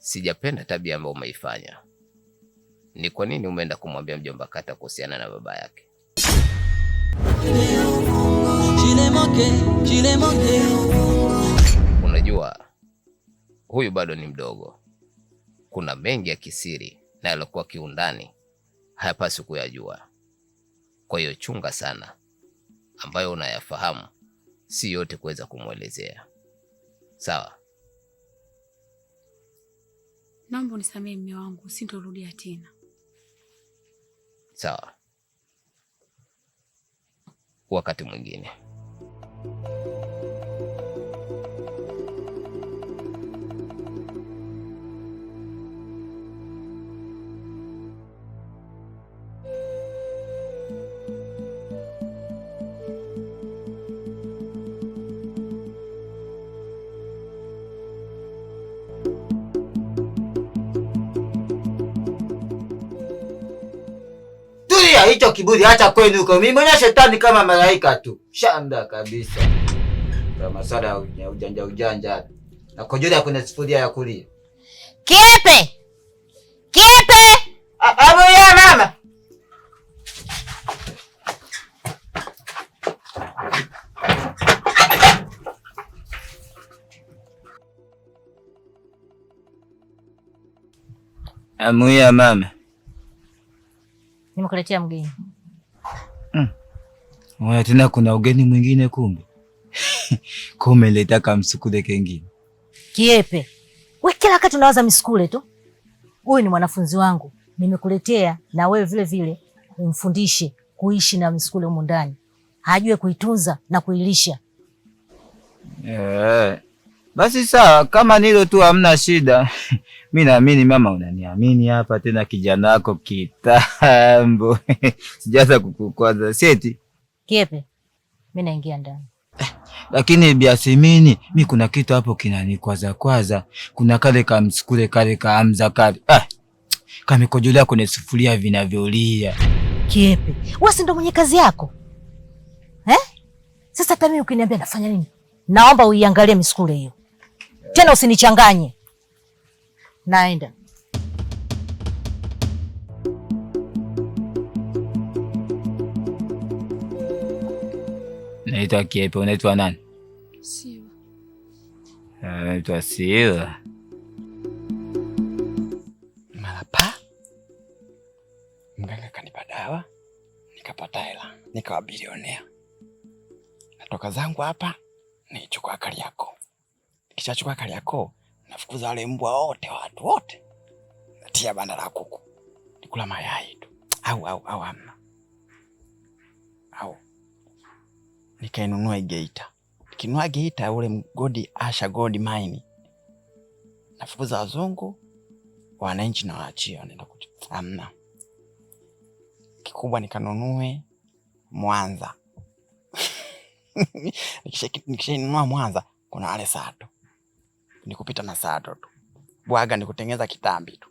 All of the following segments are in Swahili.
sijapenda tabia ambayo umeifanya. Ni kwa nini umeenda kumwambia mjomba Kata kuhusiana na baba yake? Unajua huyu bado ni mdogo, kuna mengi ya kisiri na yaliokuwa kiundani hayapaswi kuyajua. Kwa hiyo chunga sana, ambayo unayafahamu si yote kuweza kumwelezea. Sawa? Naomba unisamehe mme wangu, sintorudia tena. Sawa, wakati mwingine. hicho kiburi hata kwenu huko. Mimi mwenye shetani kama malaika tu, shanda kabisa. Kwa ya ujanja ujanja na kujua kuna sufuria ya kulia kiepe kiepe, abu ya mama amuya mama nimekuletea mgeni. Mm. tena kuna ugeni mwingine kumbe. Kwa umeleta kamsukule kengine. Kiepe. We kila wakati unawaza misukule tu. Huyu ni mwanafunzi wangu. Nimekuletea na wewe vile vile umfundishe kuishi na misukule humu ndani. Ajue kuitunza na kuilisha. Yeah. Basi sawa, kama nilo tu hamna shida. Mi naamini mama unaniamini hapa tena, kijana wako kitambo sijaza kukukwaza seti kiepe. Mi naingia ndani eh, lakini biasimini, mi kuna kitu hapo kinanikwaza kwaza. Kuna kale kamsukule kale kaamza kale ah, kamekojolea kwenye sufuria vinavyolia. Kiepe, wasi ndo mwenye kazi yako eh? Sasa kama mimi ukiniambia nafanya nini, naomba uiangalie misukule hiyo tena usinichanganye. Naenda. Naitwa Kiepe, unaitwa nani? Siwa. Eh, Naitwa Siwa. Malapa. Mganga kanipa dawa, nikapata hela, nikawa bilionea. Natoka zangu hapa Kishachukua kali yako, nafukuza wale mbwa wote, watu wote, natia banda la kuku, nikula mayai tu au au au amna au nikainunua Geita, nikinunua Geita ule mgodi Asha Gold Mine, nafukuza wazungu, wananchi na waachia wanaenda kuja. Amna kikubwa, nikanunue Mwanza nikishainunua Mwanza kuna wale sato nikupita na sato tu, bwaga nikutengeza kitambi tu.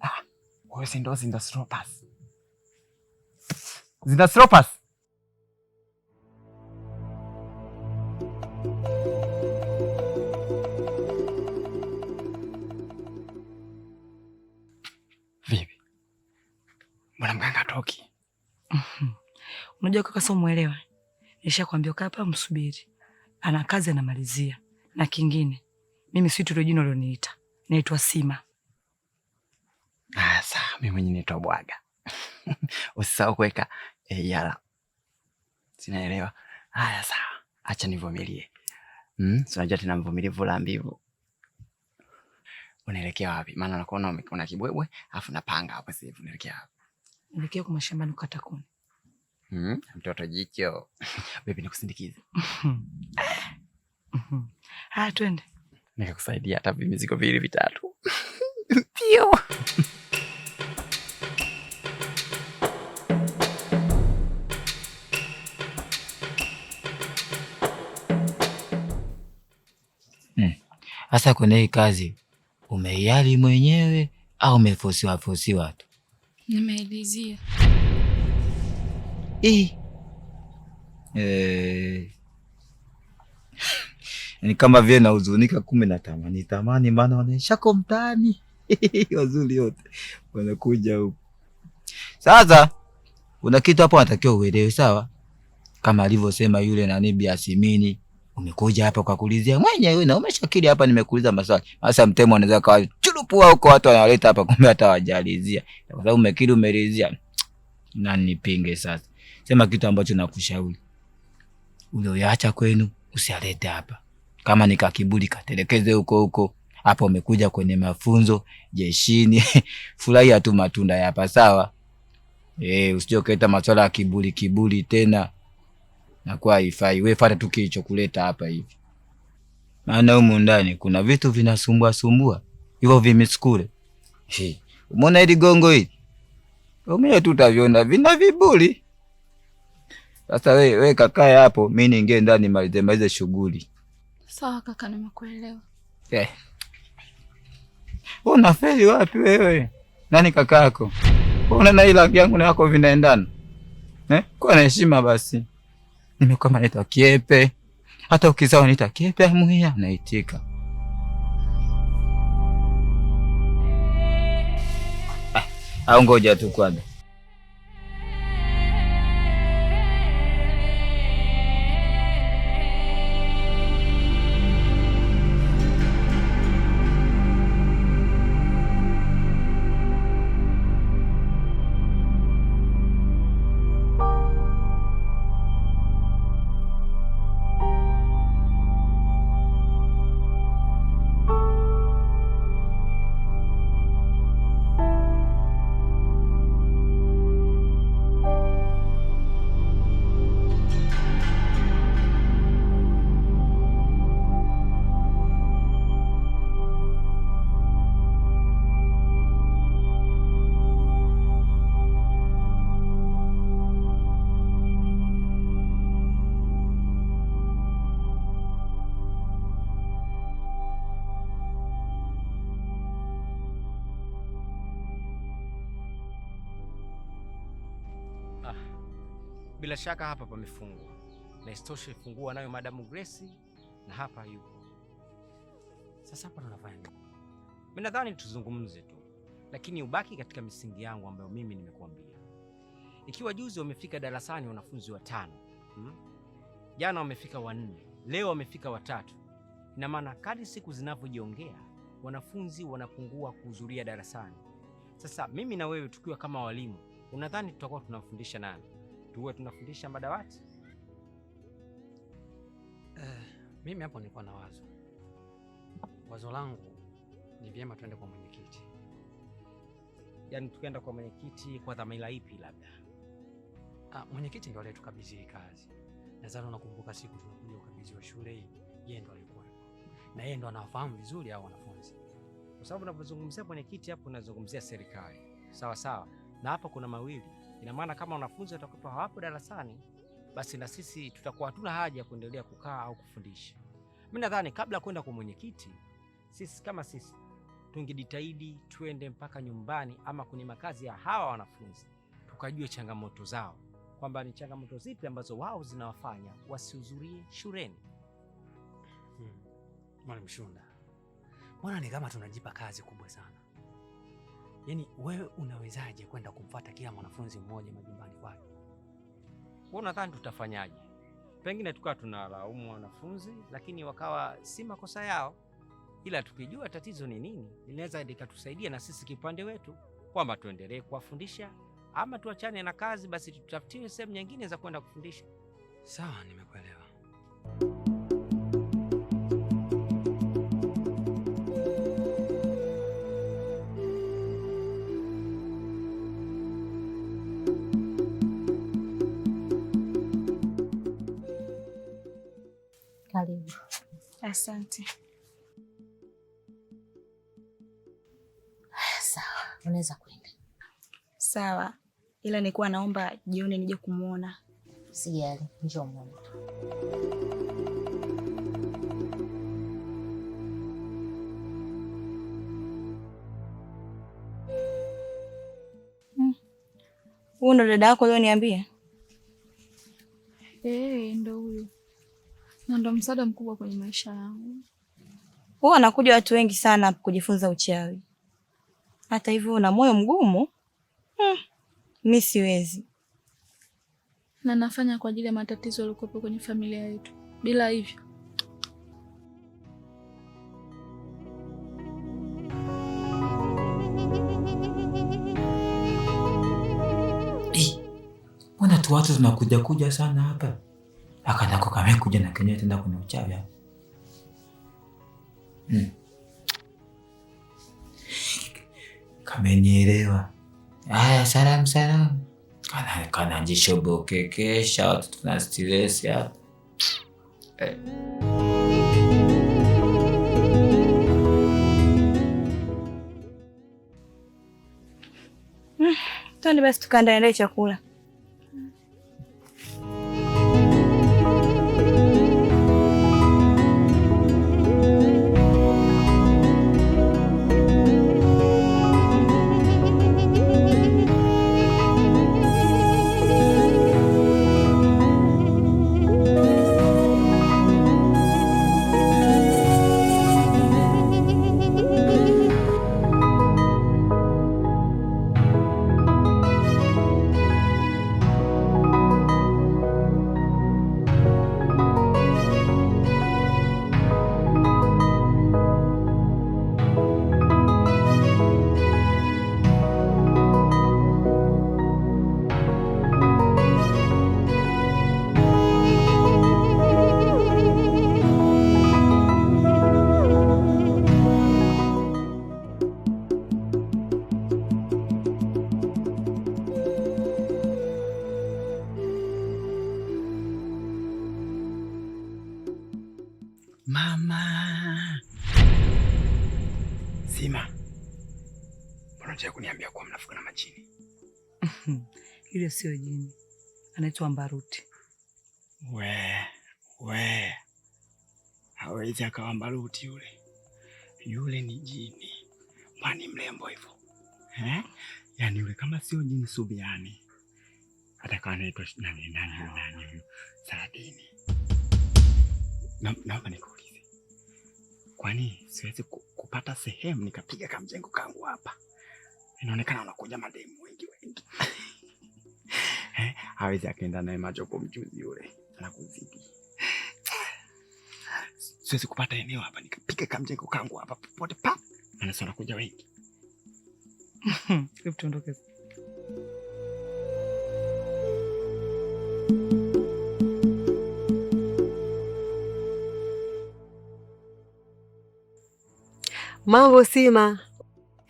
Ah, wewe si ndo zinda stropas zinda stropas vipi? Mbona mganga toki? Unajua kaka, sio Nishakwambia kaa hapa msubiri, ana kazi anamalizia. Na kingine mimi si tulio jina ulioniita, naitwa Sima. Asa, ah, mimi mwenyewe naitwa Bwaga. Usisahau kuweka e, yala sinaelewa. Haya, sawa, acha nivumilie. Mm, sinajua tena mvumilivu la mbivu. Unaelekea wapi? Maana nakuona una kibwebwe afu napanga hapo. Sasa hivi unaelekea wapi? Unaelekea kwa mashambani kukata kuni mtoto jicho. Bebi nikusindikize. Mm-hmm. Haya, twende nikakusaidia hata vimizigo viwili vitatu. Pio. Sasa mm. kuna hii kazi umeiali mwenyewe au umefosiwa fosiwa tu? Nimeelezea. Eh. eh. Ni kama vile nahuzunika, kumbe natamani tamani, maana wanashako mtaani wazuri wote wanakuja huku. Sasa kuna kitu hapo natakiwa uelewe, sawa? Kama alivyosema yule nani Biasimini, umekuja hapa kwa kulizia mwenye wewe na umeshakili hapa, nimekuuliza maswali. Sasa mtemo anaweza kawa churupu huko, watu wanawaleta hapa, kumbe hata wajalizia, kwa sababu umekili umelizia, nani nipinge sasa? sema kitu ambacho nakushauri, ulioacha kwenu usialete hapa. Kama ni kakiburi katelekeze huko huko. hapo umekuja kwenye mafunzo jeshini furahia tu matunda hapa, sawa? Eh, usije ukaleta maswala ya kiburi kiburi tena, nakuwa haifai. Wewe fuata tu kilichokuleta hapa hivi, maana humu ndani kuna vitu vinasumbua sumbua hivyo vimisukule. Umeona hili gongo hili, umewe tu utaviona vina viburi sasa we, we kakae hapo, mi niingie ndani malize malize shughuli. Sawa kaka, nimekuelewa. Yeah. unafeli wapi wewe? Nani yako? Ona na ila yangu na yako vinaendana eh? Kuwa na heshima basi. Nimekuwa naitwa kiepe, hata ukizao naita kiepe, amwia naitika. Eh, au ngoja tu kwanza bila shaka hapa pamefungwa, na isitoshe fungua nayo Madamu Grace na hapa yuko. Sasa hapa tunafanya nini? Mimi nadhani tuzungumze tu, lakini ubaki katika misingi yangu ambayo mimi nimekuambia. Ikiwa juzi wamefika darasani wanafunzi watano, hmm? Jana wamefika wanne, leo wamefika watatu. Ina maana kadri siku zinavyojiongea wanafunzi wanapungua kuhudhuria darasani. Sasa mimi na wewe tukiwa kama walimu, unadhani tutakuwa tunamfundisha nani? tuwe tunafundisha madawati. Uh, mimi hapo nilikuwa na wazo wazo langu ni vyema tuende kwa mwenyekiti. Yaani tukaenda kwa mwenyekiti kwa dhamira ipi? Labda ah, mwenyekiti ndo aliyetukabidhi hii kazi. Nadhani unakumbuka siku tunakuja wa shule hii, yeye ndo alikuwa na yeye ndo anafahamu vizuri hao wanafunzi, kwa sababu unapozungumzia mwenyekiti hapo unazungumzia serikali, sawa sawa, na hapa kuna mawili Ina maana kama wanafunzi watakuwa hawapo darasani, basi na sisi tutakuwa hatuna haja ya kuendelea kukaa au kufundisha. Mimi nadhani kabla kwenda kwa mwenyekiti, sisi kama sisi tungejitahidi twende mpaka nyumbani ama kwenye makazi ya hawa wanafunzi, tukajue changamoto zao, kwamba ni changamoto zipi ambazo wao zinawafanya wasihudhurie shuleni. Hmm. Mwalimu Shunda, mbona ni kama tunajipa kazi kubwa sana? Yaani wewe unawezaje kwenda kumfuata kila mwanafunzi mmoja majumbani kwake? Wewe unadhani tutafanyaje? Pengine tukawa tunalaumu wanafunzi, lakini wakawa si makosa yao, ila tukijua tatizo ni nini linaweza likatusaidia na sisi kipande wetu, kwamba tuendelee kuwafundisha ama tuachane na kazi, basi tutafutiwe sehemu nyingine za kwenda kufundisha. Sawa, nimekuelewa. Asante. Sawa, unaweza kwenda. Sawa, ila nilikuwa naomba jioni nije kumwona. Sijali, njoo muone. Hmm. Huyu ndo dada yako leo niambie? Eh, ndo huyu na ndo msaada mkubwa kwenye maisha yangu. Huwa anakuja watu wengi sana kujifunza uchawi, hata hivyo una moyo mgumu. Hmm, mi siwezi. Na nafanya kwa ajili ya matatizo yaliokuwepo kwenye familia yetu, bila hivyo eh, mbona tu watu tunakuja kuja sana hapa? hawahi kuja na kenyewe tenda kwenye uchawi hapo. Hmm. Kamenyelewa. Aya, salamu salamu. Kana kana jishobokekesha watu tuna stress hapa. Eh. Hmm, Toni, basi tukaandae chakula. cha kuniambia kuwa mnafuka na majini? Ile sio jini, anaitwa Mbaruti. We we, hawezi akawa Mbaruti yule. Yule ni jini, kwani mrembo hivyo eh? Yani yule kama sio jini Subiani atakawa naitwa nani nani nani huyu Saladini. Naomba nikuulize, kwani siwezi kupata sehemu nikapiga kamjengo kangu hapa inaonekana wanakuja mademu wengi wengi. Eh, hawezi akaenda naye macho kwa mchuzi yule anakuzidi. Siwezi kupata eneo hapa nikapika kamjengo kangu hapa popote pa. Anasema wanakuja wengi. tuondoke. Mambo sima.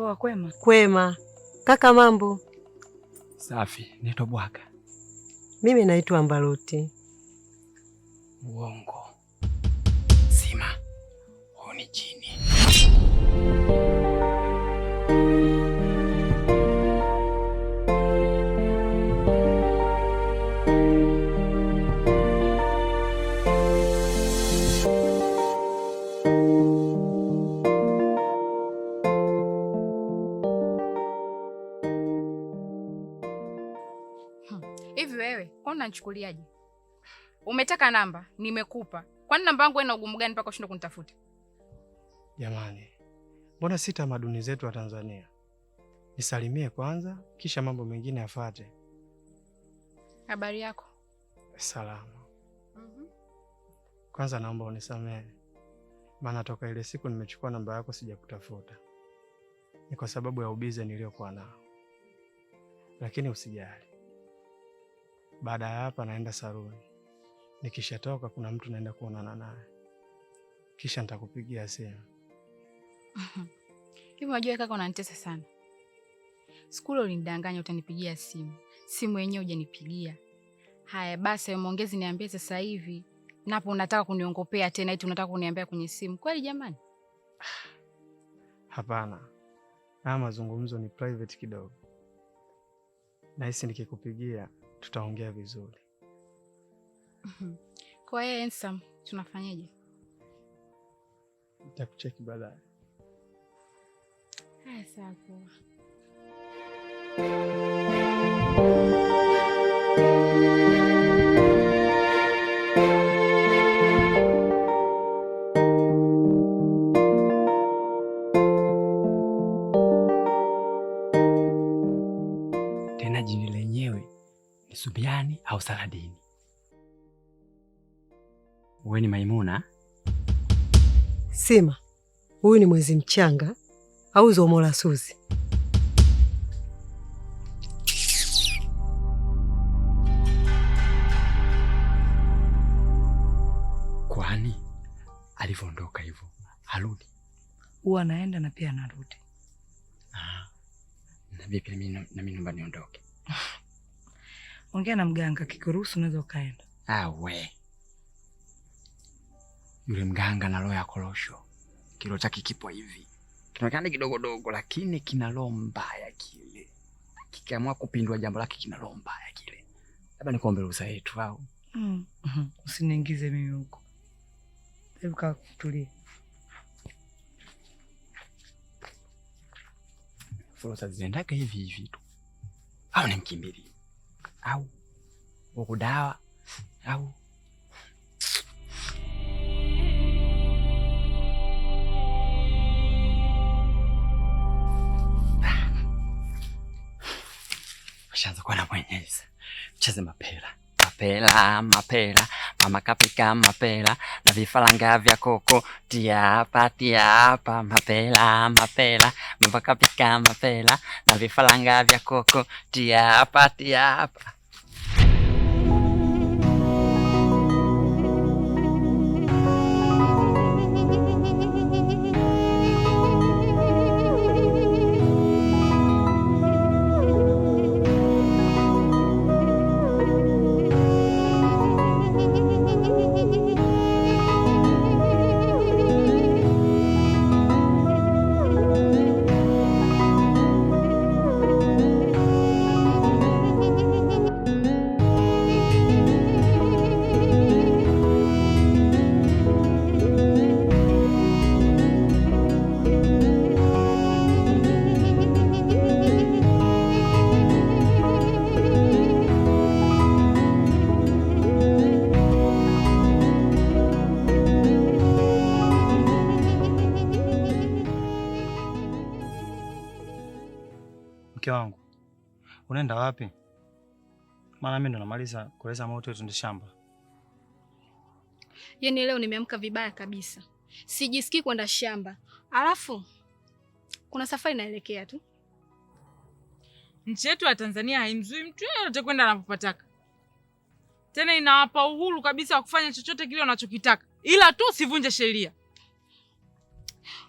Poa, kwema? Kwema. Kaka, mambo? Safi. Naitwa Bwaka. Mimi naitwa Mbaruti. unanichukuliaje? Umetaka namba, nimekupa. Kwani namba yangu ina ugumu gani mpaka ushindwe kunitafuta? Jamani, mbona si tamaduni zetu wa Tanzania? Nisalimie kwanza, kisha mambo mengine yafuate. Habari yako? Salama. mm -hmm. Kwanza naomba unisamehe, maana toka ile siku nimechukua namba yako sijakutafuta, ni kwa sababu ya ubize niliyokuwa nao, lakini usijali baada ya hapa naenda saluni, nikishatoka kuna mtu naenda kuonana naye, kisha nitakupigia simu. Mhm. Hivi unajua kaka, unanitesa sana. Siku ulinidanganya utanipigia simu, simu yenyewe hujanipigia. Haya basi, mwongezi niambie sasa hivi, napo unataka kuniongopea tena, eti unataka kuniambia kwenye simu? Kweli jamani? Hapana, haya mazungumzo ni private kidogo, nahisi nikikupigia tutaongea vizuri. Kwa hiyo Ensam, tunafanyaje? Nitakucheki baadaye. Haya, sawa. wewe ni Maimuna? Sima, huyu ni mwezi mchanga au zomola suzi? Kwani alivyoondoka hivyo harudi? Huwa anaenda na pia anarudi. Ah, na vipi nami naomba niondoke? Ongea na mganga, kikuruhusu unaweza ukaenda. Ah, we yule mganga na roho ya korosho, kilo chake kipo hivi, kinaonekana kidogodogo, lakini kina roho mbaya. Kile kikiamua kupindua jambo lake, kina roho mbaya kile. Labda nikuombe ruhusa yetu au mm. Mhm. Usiniingize mimi huko, hebu kaa kutulia. Fursa zinaendaga hivi hivi tu, au nimkimbilie au ukudawa au Kashaanza kuwa na mwenyezi. Mcheze mapela, mapela, mapela, mama kapika mapela na vifaranga vya koko, tia hapa, tia hapa, mapela, mapela, mama kapika mapela na vifaranga vya koko, tia hapa, tia hapa. maana mimi ndo namaliza kueleza maoto yetu shamba. Yaani leo nimeamka vibaya kabisa, sijisikii kwenda shamba, alafu kuna safari naelekea tu. Nchi yetu ya Tanzania haimzui mtu yeyote kwenda anapopataka, tena inawapa uhuru kabisa wa kufanya chochote kile wanachokitaka, ila tu sivunje sheria.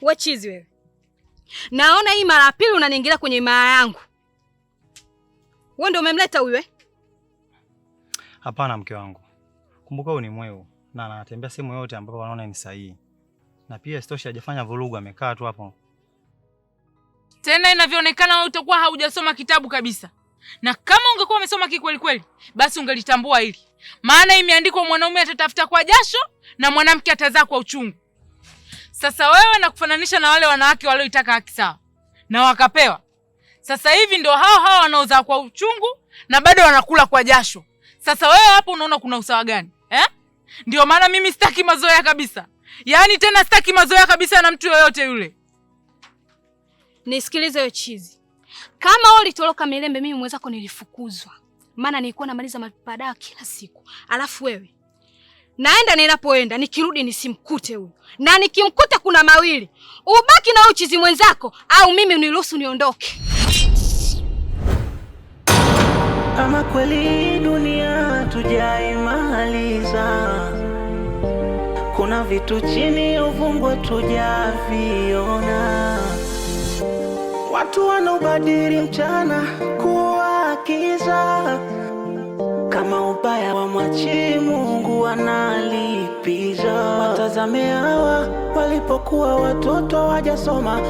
Wachizi wewe, naona hii mara ya pili unaniingilia kwenye mara yangu. Wewe ndio umemleta huyu eh? Hapana mke wangu, kumbuka huyu ni mweu na anatembea sehemu yote ambapo wanaona ni sahihi, na pia sitoshi, hajafanya vurugu, amekaa tu hapo. Tena inavyoonekana wewe utakuwa haujasoma kitabu kabisa, na kama ungekuwa umesoma kikweli kweli, basi ungelitambua hili, maana imeandikwa mwanaume atatafuta kwa jasho na mwanamke atazaa kwa uchungu. Sasa wewe nakufananisha na wale wanawake walioitaka haki sawa na wakapewa, sasa hivi ndio hao hao wanaozaa kwa uchungu na bado wanakula kwa jasho. Sasa wewe hapo unaona kuna usawa gani eh? Ndio maana mimi sitaki mazoea kabisa, yaani tena sitaki mazoea kabisa na mtu yoyote yule. Nisikilize wewe chizi, kama wewe ulitoroka Milembe, mimi mwenzako nilifukuzwa, maana nilikuwa namaliza mapadaa kila siku, alafu wewe naenda ninapoenda, nikirudi nisimkute huyu, na nikimkuta kuna mawili, ubaki na uchizi mwenzako, au mimi uniruhusu niondoke. Ama kweli dunia tujaimaliza, kuna vitu chini uvungu tujaviona. Watu wanaubadili mchana kuwa kiza, kama ubaya wa mwachi Mungu wanalipiza. Watazame hawa walipokuwa watoto wajasoma,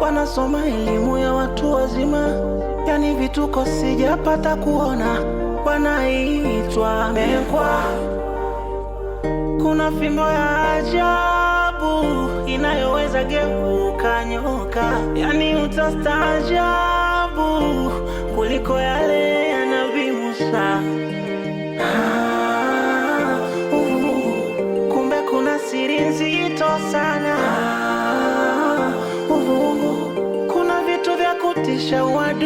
wanasoma elimu ya watu wazima yani vituko sijapata kuona, wanaitwa mekwa. Kuna fimbo ya ajabu inayoweza geuka nyoka, yani utastaajabu kuliko yale yanaviusa Ah, uh, kumbe kuna siri nzito sana. Ah, uh, uh, uh kuna vitu vya kutisha